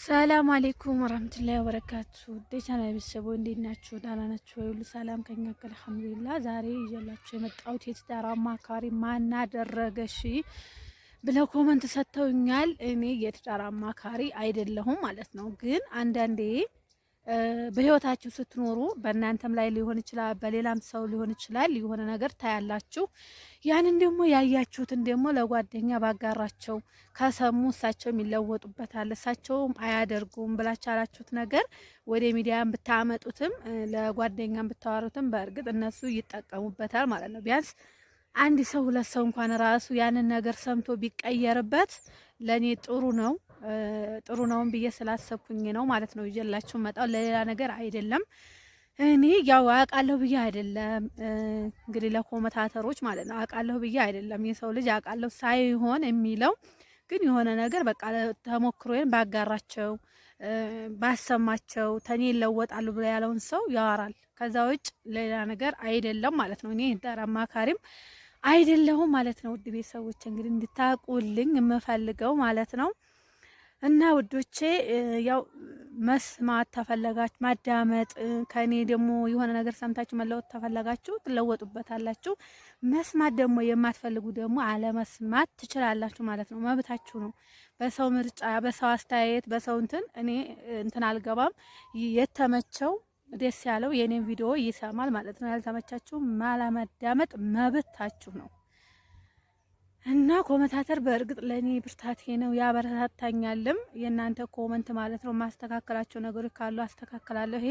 ሰላም አሌይኩም ወራህመቱላሂ ወበረካቱ ዴቻና ቤተሰቦ እንዴት ናችሁ? ደህና ናችሁ ወይ? ሁሉ ሰላም ከኛ ጋር አልሐምዱሊላህ። ዛሬ እያላችሁ የመጣሁት የትዳር አማካሪ ማን አደረገሽ ብለው ኮመንት ሰጥተውኛል። እኔ የትዳር አማካሪ አይደለሁም ማለት ነው፣ ግን አንዳንዴ በህይወታችሁ ስትኖሩ በእናንተም ላይ ሊሆን ይችላል፣ በሌላም ሰው ሊሆን ይችላል። የሆነ ነገር ታያላችሁ። ያንን ደግሞ ያያችሁትን ደግሞ ለጓደኛ ባጋራቸው ከሰሙ እሳቸውም ይለወጡበታል። እሳቸውም አያደርጉም ብላችሁ ያላችሁት ነገር ወደ ሚዲያም ብታመጡትም ለጓደኛም ብታወሩትም በእርግጥ እነሱ ይጠቀሙበታል ማለት ነው። ቢያንስ አንድ ሰው ሁለት ሰው እንኳን ራሱ ያንን ነገር ሰምቶ ቢቀየርበት ለእኔ ጥሩ ነው። ጥሩ ነውን ብዬ ስላሰብኩኝ ነው ማለት ነው ይዤላችሁ መጣው ለሌላ ነገር አይደለም። እኔ ያው አውቃለሁ ብዬ አይደለም እንግዲህ ለኮመታተሮች ማለት ነው አውቃለሁ ብዬ አይደለም። የሰው ልጅ አውቃለሁ ሳይሆን የሚለው ግን የሆነ ነገር በቃ ተሞክሮዬን ባጋራቸው ባሰማቸው ተኔ ይለወጣሉ ብሎ ያለውን ሰው ያወራል። ከዛ ውጭ ሌላ ነገር አይደለም ማለት ነው። እኔ ዳር አማካሪም አይደለሁም ማለት ነው። ውድ ቤተሰቦች እንግዲህ እንድታቁልኝ የምፈልገው ማለት ነው። እና ውዶቼ ያው መስማት ተፈለጋችሁ ማዳመጥ ከኔ ደግሞ የሆነ ነገር ሰምታችሁ መለወጥ ተፈለጋችሁ ትለወጡበታላችሁ። መስማት ደግሞ የማትፈልጉ ደግሞ አለመስማት ትችላላችሁ ማለት ነው፣ መብታችሁ ነው። በሰው ምርጫ፣ በሰው አስተያየት፣ በሰው እንትን እኔ እንትን አልገባም። የተመቸው ደስ ያለው የኔን ቪዲዮ ይሰማል ማለት ነው። ያልተመቻችሁ ማላመዳመጥ መብታችሁ ነው። እና ኮመታተር በእርግጥ ለእኔ ብርታቴ ነው፣ ያበረታታኛልም። የእናንተ ኮመንት ማለት ነው። ማስተካከላቸው ነገሮች ካሉ አስተካከላለሁ። ይሄ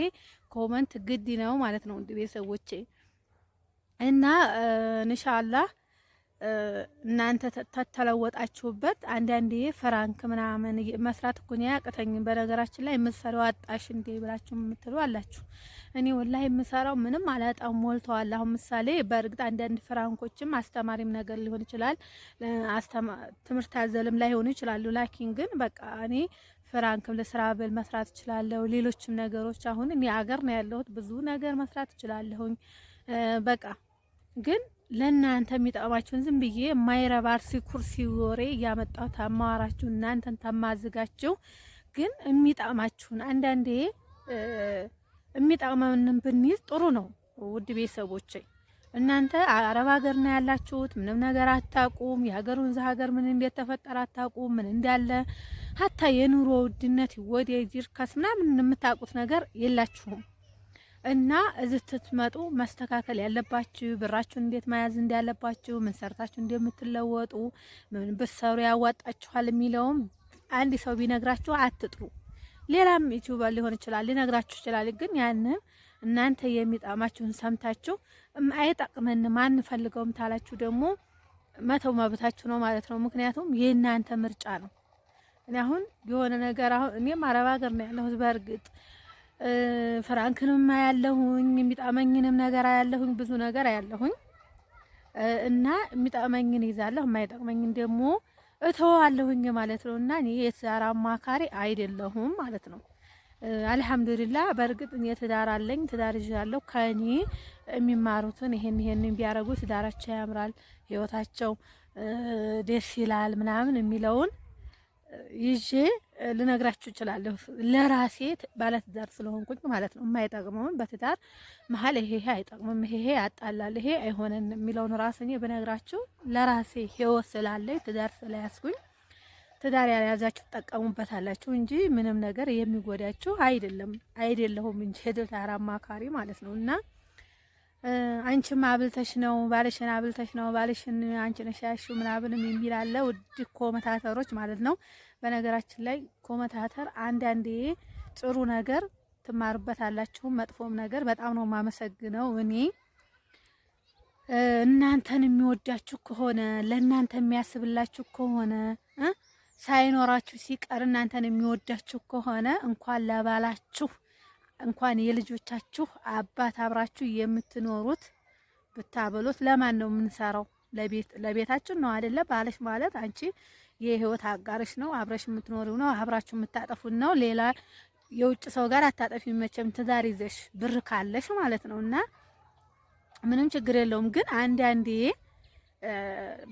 ኮመንት ግድ ነው ማለት ነው ቤተሰቦቼ እና እንሻላህ እናንተ ተተለወጣችሁበት። አንዳንዴ ፍራንክ ምናምን መስራት እኮ ነው ያቅተኝ። በነገራችን ላይ የምትሰራው አጣሽ እንዴ ብላችሁ የምትሉ አላችሁ። እኔ ወላሂ የምሰራው ምንም አላጣው ሞልተዋል። አሁን ምሳሌ በእርግጥ አንዳንድ ፍራንኮችም አስተማሪም ነገር ሊሆን ይችላል፣ ትምህርት ላይ ላይሆኑ ይችላሉ። ላኪን ግን በቃ እኔ ፍራንክም ለስራ ብል መስራት እችላለሁ። ሌሎችም ነገሮች አሁን እኔ አገር ነው ያለሁት፣ ብዙ ነገር መስራት እችላለሁኝ። በቃ ግን ለእናንተ የሚጠቅማችሁን ዝም ብዬ የማይረባ አርሲ ኩርሲ ወሬ እያመጣሁ ታማዋራችሁ እናንተን ታማዝጋችሁ። ግን የሚጠቅማችሁን አንዳንዴ የሚጠቅመንን ብንይዝ ጥሩ ነው። ውድ ቤተሰቦቼ እናንተ አረብ ሀገር ነው ያላችሁት። ምንም ነገር አታቁም። የሀገሩን ዛ ሀገር ምን እንዴት ተፈጠረ አታቁም። ምን እንዳለ ሀታ የኑሮ ውድነት ወደ ዚርከስ ምናምን የምታውቁት ነገር የላችሁም። እና እዚህ ስትመጡ መስተካከል ያለባችሁ ብራችሁን እንዴት መያዝ እንዳለባችሁ፣ ምን ሰርታችሁ እንደምትለወጡ፣ ምን ብትሰሩ ያዋጣችኋል የሚለውም አንድ ሰው ቢነግራችሁ አትጥሩ። ሌላም ዩቲዩበር ሊሆን ይችላል ሊነግራችሁ ይችላል። ግን ያንን እናንተ የሚጣማችሁን ሰምታችሁ አይጠቅመንም አንፈልገውም ታላችሁ ደግሞ መተው መብታችሁ ነው ማለት ነው። ምክንያቱም የእናንተ ምርጫ ነው። እኔ አሁን የሆነ ነገር አሁን እኔም አረብ ሀገር ነው ያለሁት በእርግጥ ፍራንክንም አያለሁኝ የሚጣመኝንም ነገር አያለሁኝ ብዙ ነገር አያለሁኝ እና የሚጣመኝን ይዛለሁ የማይጠቅመኝን ደግሞ እተዋለሁኝ ማለት ነው። እና እኔ የትዳር አማካሪ አይደለሁም ማለት ነው። አልሐምዱሊላ በእርግጥ የትዳር አለኝ ትዳር ይዣለሁ። ከኔ የሚማሩትን ይሄን ይሄንን ቢያደርጉ ትዳራቸው ያምራል፣ ህይወታቸው ደስ ይላል ምናምን የሚለውን ይዤ ልነግራችሁ እችላለሁ። ለራሴ ባለትዳር ስለሆንኩኝ ማለት ነው። የማይጠቅመውን በትዳር መሀል ይሄ አይጠቅምም፣ ይሄ ያጣላል፣ ይሄ አይሆነን የሚለውን ራስ ብነግራችሁ ለራሴ ህይወት ስላለኝ ትዳር ስለያዝኩኝ ትዳር ያልያዛችሁ ትጠቀሙበታላችሁ እንጂ ምንም ነገር የሚጎዳችሁ አይደለም። አይደለሁም እንጂ የትዳር አማካሪ ማለት ነው እና አንቺም አብልተሽ ነው ባልሽን አብልተሽ ነው ባልሽን አንቺ ነሽ ያልሽው ምናምን ውድ ኮመታተሮች ማለት ነው በነገራችን ላይ ኮመታተር አንዳንዴ ጥሩ ነገር ትማሩበታላችሁ፣ መጥፎም ነገር በጣም ነው የማመሰግነው እኔ እናንተን የሚወዳችሁ ከሆነ ለእናንተ የሚያስብላችሁ ከሆነ ሳይኖራችሁ ሲቀር እናንተን የሚወዳችሁ ከሆነ እንኳን ለባላችሁ እንኳን የልጆቻችሁ አባት አብራችሁ የምትኖሩት ብታበሉት ለማን ነው የምንሰራው? ለቤታችን ነው አይደለ? ባለሽ ማለት አንቺ የህይወት አጋርሽ ነው፣ አብረሽ የምትኖሪው ነው፣ አብራችሁ የምታጠፉት ነው። ሌላ የውጭ ሰው ጋር አታጠፊ መቼም ትዳር ይዘሽ ብር ካለሽ ማለት ነው። እና ምንም ችግር የለውም። ግን አንዳንዴ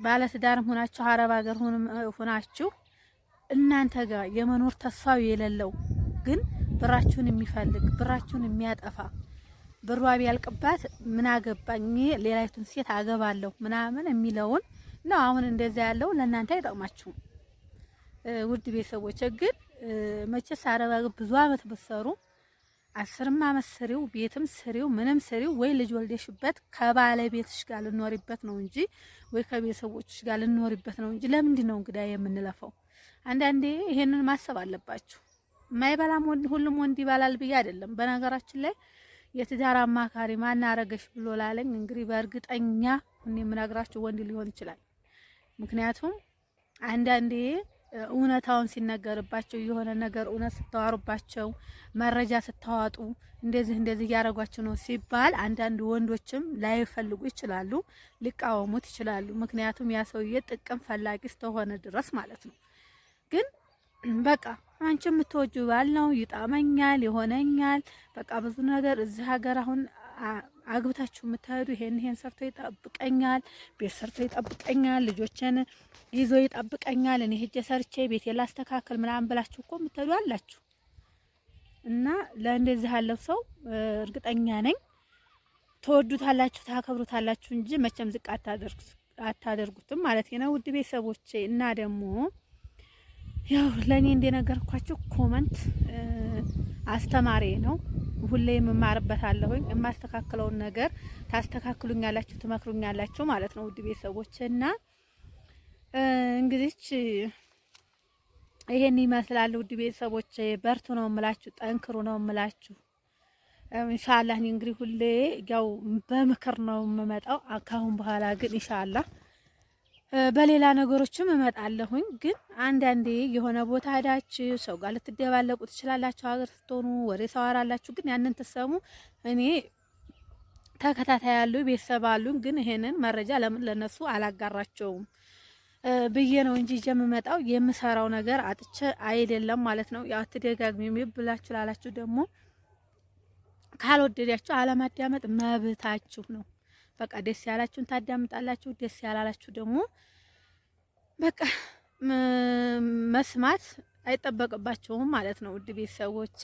ባለትዳርም ሆናችሁ አረብ ሀገር ሆናችሁ እናንተ ጋር የመኖር ተስፋው የሌለው ግን ብራችሁን የሚፈልግ ብራችሁን የሚያጠፋ ብሯ ቢያልቅባት ምን አገባኝ ሌላይቱን ሴት አገባለሁ ምናምን የሚለውን ነው አሁን እንደዛ ያለው ለእናንተ አይጠቅማችሁም። ውድ ቤተሰቦች ግን መቼስ አረብ ብዙ አመት ብትሰሩ አስርም አመት ስሪው ቤትም ስሪው ምንም ስሪው ወይ ልጅ ወልደሽበት ከባለቤትሽ ጋር ልኖሪበት ነው እንጂ ወይ ከቤተሰቦችሽ ጋር ልኖሪበት ነው እንጂ ለምንድን ነው እንግዳ የምንለፈው? አንዳንዴ ይሄንን ማሰብ አለባችሁ። የማይበላም ወንድ ሁሉም ወንድ ይባላል ብዬ አይደለም። በነገራችን ላይ የትዳር አማካሪ ማናረገሽ ብሎ ላለኝ እንግዲህ በእርግጠኛ እኔ የምነግራችሁ ወንድ ሊሆን ይችላል ምክንያቱም አንዳንዴ እውነታውን ሲነገርባቸው የሆነ ነገር እውነት ስታዋሩባቸው መረጃ ስታዋጡ እንደዚህ እንደዚህ እያደረጓቸው ነው ሲባል አንዳንድ ወንዶችም ላይፈልጉ ይችላሉ፣ ሊቃወሙት ይችላሉ። ምክንያቱም ያ ሰውዬ ጥቅም ፈላጊ እስከሆነ ድረስ ማለት ነው። ግን በቃ አንቺ የምትወጁ ባል ነው፣ ይጣመኛል፣ ይሆነኛል፣ በቃ ብዙ ነገር እዚህ ሀገር አሁን አግብታችሁ የምታሄዱ ይሄን ይሄን ሰርቶ ይጠብቀኛል፣ ቤት ሰርቶ ይጠብቀኛል፣ ልጆችን ይዞ ይጠብቀኛል፣ እኔ ሄጄ ሰርቼ ቤቴ ላስተካከል ምናምን ብላችሁ እኮ የምትሄዱ አላችሁ። እና ለእንደዚህ ያለው ሰው እርግጠኛ ነኝ ተወዱታላችሁ፣ ታከብሩታላችሁ እንጂ መቼም ዝቅ አታደርጉትም ማለት ነው። ውድ ቤተሰቦቼ እና ደግሞ ያው ለእኔ እንደነገርኳችሁ ኮመንት አስተማሪ ነው። የምማርበት አለሁኝ የማስተካክለውን ነገር ታስተካክሉኛላችሁ፣ ትመክሩኛላችሁ ማለት ነው ውድ ቤተሰቦች እና እንግዲህ ይሄን ይመስላል ውድ ቤተሰቦች። በርቱ ነው ምላችሁ፣ ጠንክሩ ነው ምላችሁ። ኢንሻአላህ እንግዲህ ሁሌ ያው በምክር ነው የምመጣው። ካሁን በኋላ ግን ኢንሻአላህ በሌላ ነገሮችም እመጣለሁኝ። ግን አንዳንዴ የሆነ ቦታ ሄዳችሁ ሰው ጋር ልትደባለቁ ትችላላችሁ። ሀገር ስትሆኑ ወሬ ሰዋራላችሁ፣ ግን ያንን ትሰሙ እኔ ተከታታይ ያሉ ቤተሰብ አሉኝ። ግን ይሄንን መረጃ ለምን ለነሱ አላጋራቸውም ብዬ ነው እንጂ የምመጣው የምሰራው ነገር አጥቼ አይደለም ማለት ነው። ያው አትደጋግሚ ብላችሁ ላላችሁ ደግሞ ካልወደዳችሁ አለማዳመጥ መብታችሁ ነው። በቃ ደስ ያላችሁን ታዳምጣላችሁ፣ ደስ ያላላችሁ ደግሞ በቃ መስማት አይጠበቅባቸውም ማለት ነው። ውድ ቤተሰቦቼ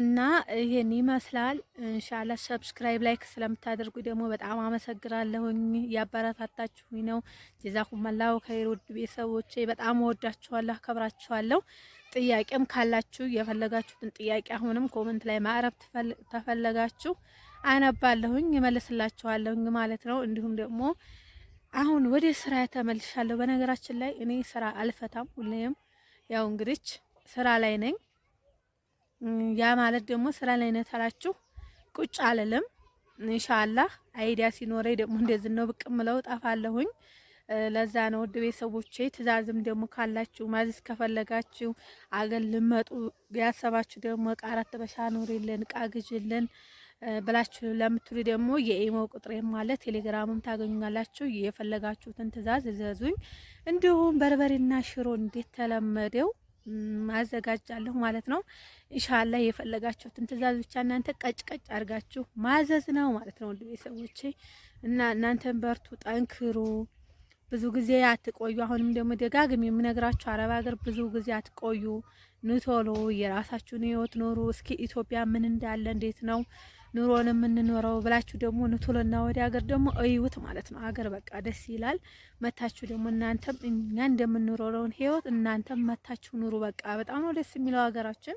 እና ይሄን ይመስላል። እንሻላ ሰብስክራይብ፣ ላይክ ስለምታደርጉ ደግሞ በጣም አመሰግናለሁኝ። ያበረታታችሁኝ ነው። ጀዛኩም አላሁ ኸይር። ውድ ቤተሰቦቼ በጣም ወዳችኋለሁ፣ አከብራችኋለሁ። ጥያቄም ካላችሁ የፈለጋችሁትን ጥያቄ አሁንም ኮመንት ላይ ማዕረብ ተፈለጋችሁ አነባለሁኝ እመልስላችኋለሁኝ ማለት ነው። እንዲሁም ደግሞ አሁን ወደ ስራ ተመልሻለሁ። በነገራችን ላይ እኔ ስራ አልፈታም። ሁሌም ያው እንግዲህ ስራ ላይ ነኝ። ያ ማለት ደግሞ ስራ ላይ ነኝ ታላችሁ ቁጭ አልልም። ኢንሻአላህ አይዲያ ሲኖረኝ ደግሞ እንደዚህ ነው ብቅ እምለው እጠፋለሁኝ። ለዛ ነው ውድ ቤተሰቦቼ፣ ትእዛዝም ደግሞ ካላችሁ ማዘዝ ከፈለጋችሁ አገር ልመጡ ያሰባችሁ ደግሞ ቃራት አራት በሻ ኑሪልን፣ እቃ ብላችሁ ለምትሉ ደግሞ የኢሞ ቁጥር ማለት ቴሌግራምም ታገኙኛላችሁ። የፈለጋችሁትን ትእዛዝ እዘዙኝ። እንዲሁም በርበሬና ሽሮ እንዴት ተለመደው ማዘጋጃለሁ ማለት ነው። ኢንሻአላህ የፈለጋችሁትን ትእዛዝ ብቻ እናንተ ቀጭ ቀጭ አድርጋችሁ ማዘዝ ነው ማለት ነው። እንዴ ሰዎች እና እናንተን በርቱ፣ ጠንክሩ። ብዙ ጊዜ አትቆዩ። አሁንም ደግሞ ደጋግም የምነግራችሁ አረብ ሀገር ብዙ ጊዜ አትቆዩ። ንቶሎ የራሳችሁን ህይወት ኖሩ። እስኪ ኢትዮጵያ ምን እንዳለ እንዴት ነው ኑሮን የምንኖረው ብላችሁ ደግሞ ንቶሎና ወደ ሀገር ደግሞ እዩት ማለት ነው። ሀገር በቃ ደስ ይላል። መታችሁ ደግሞ እናንተም እኛ እንደምንኖረውን ህይወት እናንተም መታችሁ ኑሩ። በቃ በጣም ነው ደስ የሚለው ሀገራችን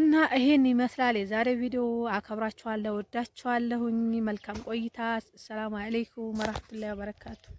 እና ይሄን ይመስላል የዛሬ ቪዲዮ። አከብራችኋለሁ፣ ወዳችኋለሁኝ። መልካም ቆይታ። ሰላም አለይኩም ወራህመቱላሂ ወበረካቱሁ።